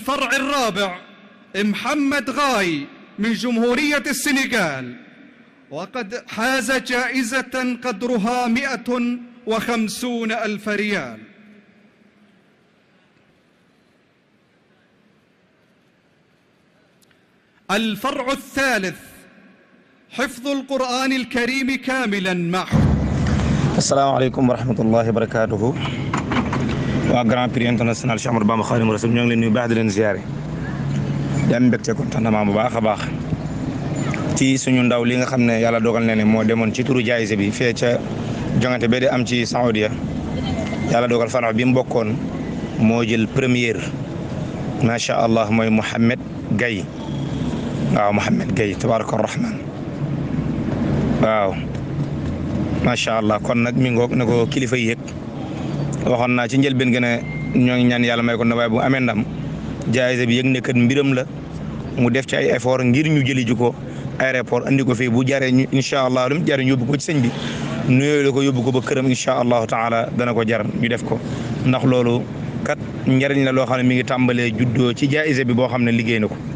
الفرع الرابع محمد غاي من جمهورية السنغال وقد حاز جائزة قدرها مئة وخمسون ألف ريال الفرع الثالث حفظ القرآن الكريم كاملا معه السلام عليكم ورحمة الله وبركاته waa grand prix international Cheikh Ahmadou Bamba Khadimu Rasul ñoo ngi leen nuyu baax di leen ziare di am mbégte contentement bu baax a baax ci suñu ndaw li nga xam ne yàlla dogal na ne moo demoon ci turu jaayise bi fee ca jongante bee di am ci Saoudia yàlla dogal fanax bi mu bokkoon moo jël première macha allah mooy Mouhamed Gaye waaw Mouhamed Gaye tabaraka rahman waaw macha allah kon nag mi ngoog na ko kilifa yi yëg waxoon naa ci njëlbeen gën a ñoo ngi ñaan yàlla may ko na waaye bu amee ndam bi yëg ne kat mbiram la mu def ci ay effort ngir ñu jëli ji ko aéroport andi ko fii bu jaree ñu incha allah lu mu jaree ñu yóbbu ko ci sëñ bi nuyoo la ko yóbbu ko ba këram incha allahu taala dana ko jar ñu def ko ndax loolu kat njariñ la loo xam ne mi ngi tàmbalee juddoo ci jaayise bi boo xam ne liggéey na ko.